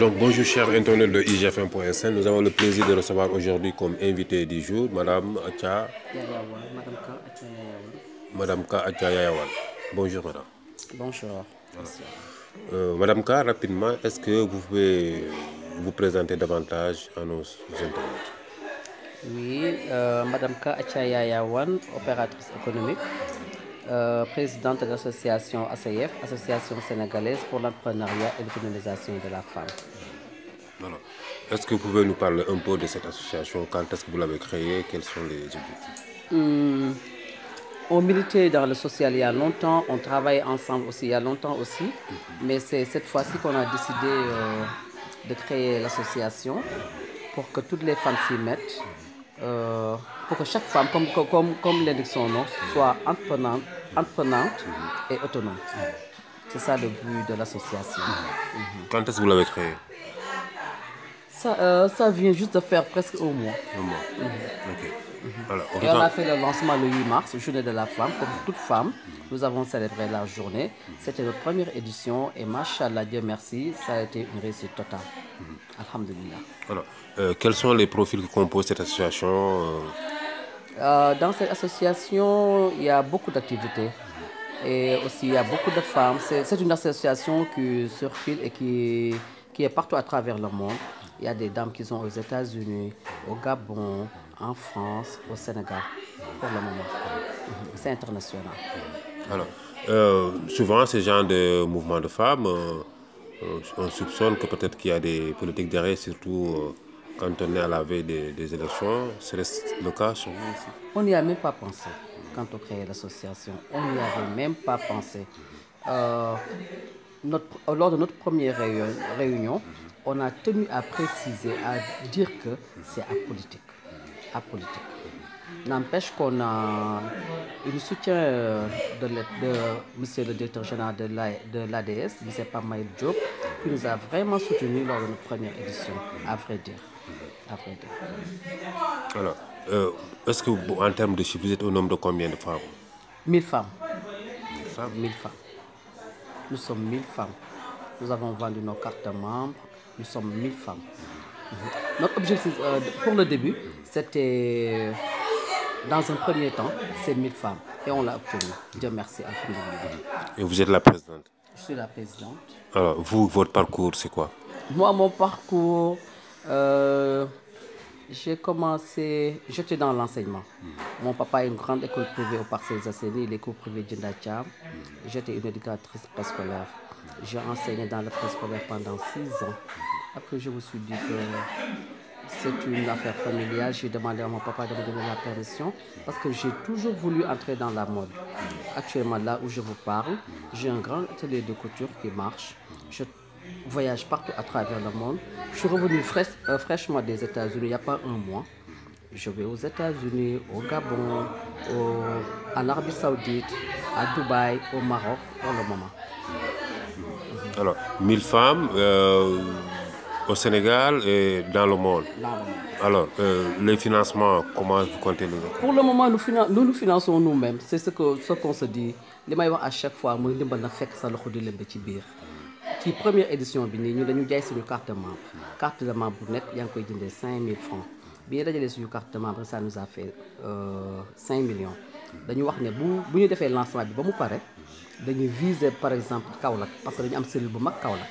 Donc bonjour chers internautes de IGF1.sn, nous avons le plaisir de recevoir aujourd'hui comme invité du jour Madame Acha Madame K Yayawan. Bonjour Madame. Bonjour. Euh, madame K, rapidement, est-ce que vous pouvez vous présenter davantage à nos internautes Oui, euh, Madame Ka Acha Yayawan, opératrice économique. Euh, présidente de l'association ACF, Association sénégalaise pour l'entrepreneuriat et l'autonomisation de la femme. Est-ce que vous pouvez nous parler un peu de cette association Quand est-ce que vous l'avez créée Quels sont les objectifs hmm. On militait dans le social il y a longtemps, on travaille ensemble aussi il y a longtemps aussi, mais c'est cette fois-ci qu'on a décidé euh, de créer l'association pour que toutes les femmes s'y mettent. Euh, pour que chaque femme, comme, comme, comme l'indique son nom, soit entreprenante, entreprenante et autonome. Mm-hmm. C'est ça le but de l'association. Mm-hmm. Quand est-ce que vous l'avez créée euh, ça, vient juste de faire presque au mois. Mhm. on Et on a fait le lancement le 8 mars, journée de la femme. Comme toute femme, nous avons célébré la journée. C'était notre première édition et machallah, Dieu merci, ça a été une réussite totale. Mhm. Alhamdulillah. Alors, euh, quels sont les profils que composent cette association euh? dans cette association, il y a beaucoup d'activités. Et aussi, il y a beaucoup de femmes. C'est une association qui circule et qui est partout à travers le monde. Il y a des dames qui sont aux États-Unis, au Gabon, en France, au Sénégal, pour le moment. C'est international. Alors, euh, souvent, ces genre de mouvements de femmes, euh, on soupçonne que peut-être qu'il y a des politiques derrière, surtout euh, quand on est à la veille des, élections. C'est le cas On n'y a même pas pensé quand on créait l'association. On n'y avait même pas pensé. lors de notre première réunion, on a tenu à préciser, à dire que c'est apolitique. apolitique. N'empêche qu'on a eu le soutien euh, de, M. monsieur le directeur général de l'ADS, M. Pamaï Diop, qui nous a vraiment soutenus lors de notre première édition, à vrai dire. Alors, euh, est-ce que en termes de chiffres, vous êtes au nombre de combien de femmes 1000 femmes. 1000 femmes. Nous sommes 1000 femmes. Nous avons vendu nos cartes membres, nous sommes mille femmes. Notre objectif euh, pour le début, c'était, dans un premier temps, c'est 1000 femmes. Et on l'a obtenu. Dieu merci. Et vous êtes la présidente Je suis la présidente. Alors, vous, votre parcours, c'est quoi Moi, mon parcours, euh, j'ai commencé, j'étais dans l'enseignement. Hmm. Mon papa a une grande école privée au Parcelles Assénie, l'école privée d'Indacham. Hmm. J'étais une éducatrice préscolaire. J'ai enseigné dans le préscolaire pendant six ans. Après, je me suis dit que c'est une affaire familiale. J'ai demandé à mon papa de me donner la permission parce que j'ai toujours voulu entrer dans la mode. Actuellement, là où je vous parle, j'ai un grand atelier de couture qui marche. Je voyage partout à travers le monde. Je suis revenu euh, fraîchement des États-Unis il n'y a pas un mois. Je vais aux États-Unis, au Gabon, en Arabie Saoudite, à Dubaï, au Maroc pour le moment. Alors, 1000 femmes. Euh, au Sénégal et dans le monde. Alors, euh, les financements, comment vous comptez les Pour le moment, nous, nous, finançons nous-mêmes. C'est ce qu'on ce qu'on se dit. Les à chaque fois, nous avons fait ça le coup de l'embêtibir. Qui première édition, nous avons dit sur une carte de membre. Carte de membre, net, il 5 000 francs. Bien d'ailleurs, sur une carte de membre, ça nous a fait euh, 5 millions. Nous avons fait bu si ñu defee lancement bi ba mu viser par exemple Kaolack parce que dañu am le bu mag Kaolack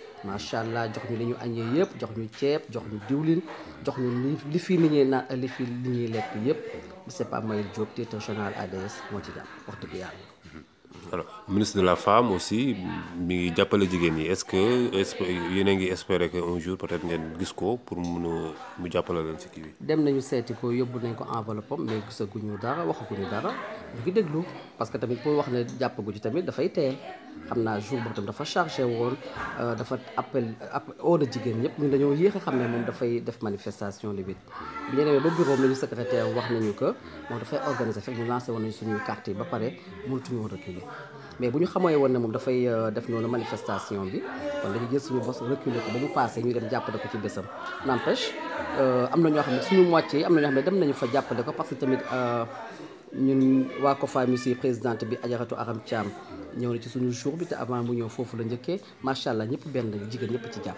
macha allah jox ñu li ñu añee yëpp jox ñu ceeb jox ñu diwlin jox ñu li li fi ni ñuy naan li li ñuy lekk yëpp c'est pas Mayel Diop directeur ADS moo ci jàpp wax dëgg yàlla alors ministre de la femme aussi mi ngi jàppale jigéen est-ce que yéen a ngi espérer que un jour peut-être ngeen gis pour mun a mu jàppale leen ci dem nañu seeti ko yóbbu nañ ko enveloppe am mais gisaguñu dara waxaguñu dara ñu ngi déglu parce que tamit pour wax ne jàppaguñu tamit dafay teel xam naa jour boobu tam charger chargé woon euh, dafa appel au de jigéen ñëpp ñun dañoo yéex a xam ne moom dafay def manifestation limite bi ñu demee ba bureau am nañu secrétaire wax nañu que moom dafay organiser fekk ñu lancé woon nañu suñuy carte yi ba pare mënatuñu woon reculer mais bu ñu xamee woon ne moom dafay euh, def noonu manifestation bi kon dañu jël suñu bos reculer ko ba mu passé ñu dem jàppale ko ci bésam n'empêche euh, am na ñoo xam ne suñu moitié yi am na ñoo xam ne dem nañu fa jàppale ko parce que tamit euh, ñun waa COFA monsieur présidente bi Ajaratu Aram Thiam ñëw na ci suñu jour bi te avant bu ñëw foofu la njëkkee macha allah ñëpp benn jigéen ñëpp ci jàpp.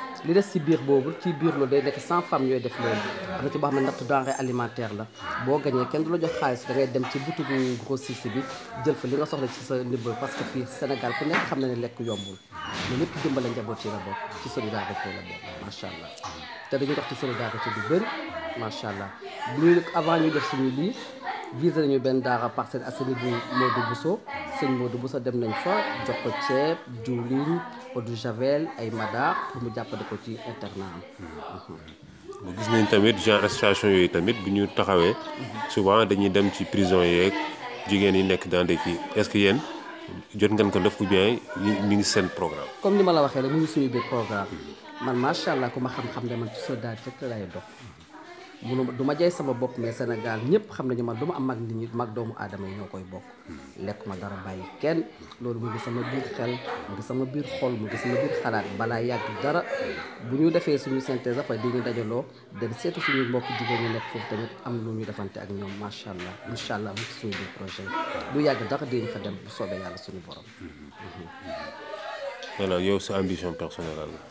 li reste ci biir boobu ci biir loolu day nekk 100 femmes ñooy def loolu am ci boo xam ne nattu denrée alimentaire la boo gañee kenn du la jox xaalis da ngay dem ci boutique grossiste bi jël fa li nga soxla ci sa ndimbal parce que fii Sénégal ku nekk xam na ne lekk yombul mais lépp dimbale njaboot ci la bokk ci solidarité la bokk macha allah te dañuy dox ci solidarité bu bëri macha allah bu ñuy avant ñu def suñu lii visé nañu benn daara Parcelles Assainies bu Modou Bousso sëñ Modou Boussa dem nañ fa jox ko ceeb diwlin eau de javel ay madar pour mu jàppale ko ci internat bu gis nañ tamit genre association yooyu tamit bu ñu taxawee. souvent dañuy dem ci prison yeeg jigéen yi nekk dans des kii est-ce que yéen jot ngeen ko def ou bien mi ngi seen programme. comme ni ma la waxee rek mu ngi suñu biir programme man macha allah ku ma xam-xam ne ci soldat rek laay dox. munu du ma jay sama bopp mais Sénégal ñëpp xam nañu man du ma am mag nit ñi mag doomu aadama yi ñoo koy bokk lekk ma dara bàyyi kenn loolu mu ngi sama biir xel mu ngi sama biir xol mu gis sama biir xalaat balaa yàgg dara bu ñu defee suñu synthèse après di ñu dajaloo dem seetu suñu mbokk jigéen ñi nekk foofu tamit am lu ñu defante ak ñoom macha allah incha allah mu ngi suñu biir projet du yàgg dara dinañ fa dem bu soobee yàlla suñu borom. Mm-hmm. Mm-hmm. Mm-hmm. alors yow sa ambition personnelle la.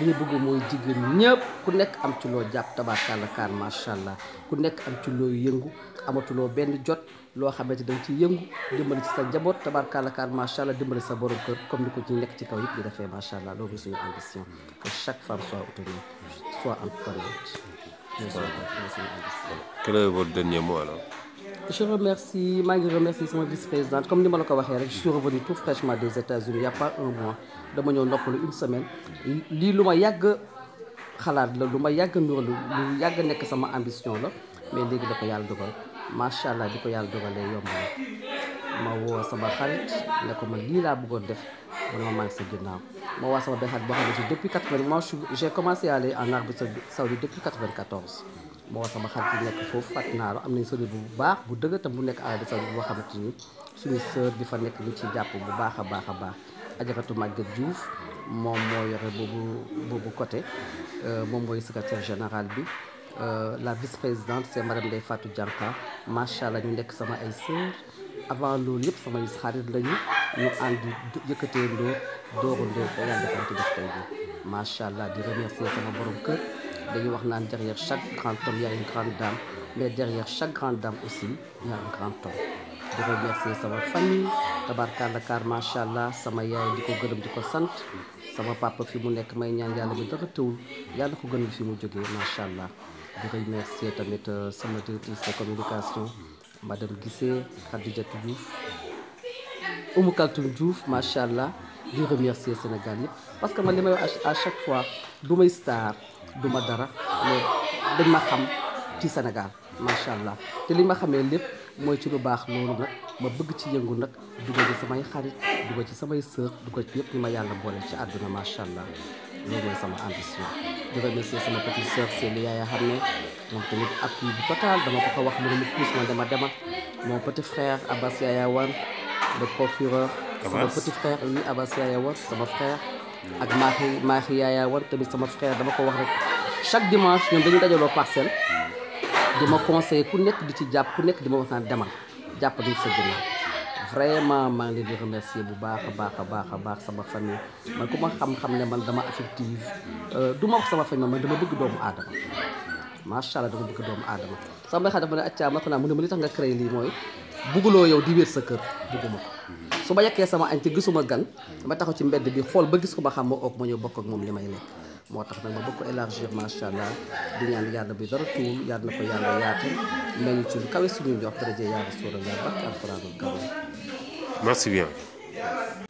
li ñu bëgg mooy jigéen ñëpp ku nekk am ci loo jàpp tabaarkàlla kaan macha allah ku nekk am ci loo yëngu amatuloo benn jot loo xamante da nga ciy yëngu dimbali ci sa njaboot tabaarkàlla kaan macha allah dimbali sa borom kër comme ni ko ci nekk ci kaw yëpp di defee macha allah loolu suñu ambition que chaque femme soit autonome soit indépendante. c'est ça je remercie malgré ngi remercie sama vice-présidente comme ni ma la ko rek je suis revenu tout fraîchement des États-Unis il y a pas un mois dama ñëw pour une semaine lii lu ma yàgg xalaat la lu ma yàgg m'a lu sama ambition la mais léegi da ko yàlla dogal macha allah di ko yàlla dogalee yomb ma woo sama xarit ne ko man lii laa bëggoon def man ma maa ngi sa ginnaaw ma woo sama benn xarit depuis 80 moi j'ai commencé à aller en Arabie Saoudite depuis 94 moo sama xarit bi nekk foofu Fatinaaru am nañ service bu baax bu dëgg tam bu nekk Arabie Saoudite boo xamante ni suñu sœur di fa nekk ñu ci jàpp bu baax a baax a baax ajaratu màgget Diouf moom moo yore boobu boobu côté euh, moom mooy secretaire général bi euh, la vice présidente c'est madame Ndeye Fatou Dianka macha allah ñu nekk sama ay sœur avant loolu yëpp sama xarit lañu ñu ànd yëkkatee ndoo dooru ndoo ko yàlla defal ci def tey bi macha allah di remercier sama dañuy wax derrière chaque grand homme il y a une grande dame mais derrière chaque grande dame aussi il y a un grand homme ...je remercie sa famille tabarkalla kaar macha allah sama ...ma Diko ko gërëm di sant sama papa fi mu nekk may ñaan yàlla bi dara tëwul yàlla ko gënal fi mu jógee macha allah di remercier tamit euh, sama directrice de communication madame Guissé Khadijatou Diouf ...ou Kaltoum Diouf macha allah di remercier Sénégal parce que man li à chaque fois du may star du ma dara mais dañ ma xam ci Sénégal macha allah te li ma xamee lépp mooy ci lu baax loolu nag ma bëgg ci yëngu nag dugal ci samay xarit dugal ci samay sœur dugal ci yëpp ñu ma yàlla boole ci àdduna macha allah loolu mooy sama ambition. di remercier sama petite sœur Sélé Yaya xam ne moom tamit appui bu total dama ko ko wax mu ne mu puus ma dama dema mon petit frère Abbas Yaya Wane procureur. sama petit frère oui Abbas Yaya sama frère. rek. chaque dimanche ñom dañuy dajalo parcel dima conseiller ku nekk di ci japp ku nekk dima ma demal japp di sa ginnaaw vraiment ma ngi di remercier bu baax a baax baax sama famille man ku ma xam-xam ne man dama affective euh duma wax sama famille man dama bëgg doomu aadama macha allah dama bëgg doomu aadama sama bay xarit dafa ne acca ma xanaa mu ne ma li tax nga créé lii mooy bugguloo yow di wër sa kër bugguma ko su ba yaké sama añ gisuma gan dama taxo ci mbéd bi xol ba gis ko ba xam mo ok ma ñëw bokk ak mom limay may moo tax na ma bëgg ko élargir macha allah di ñaan yàlla bi dara tuul yàlla na ko yàlla yaatu mel ci lu kawe suñu jox daraje yaa rasulallah barke alquranul karim merci bien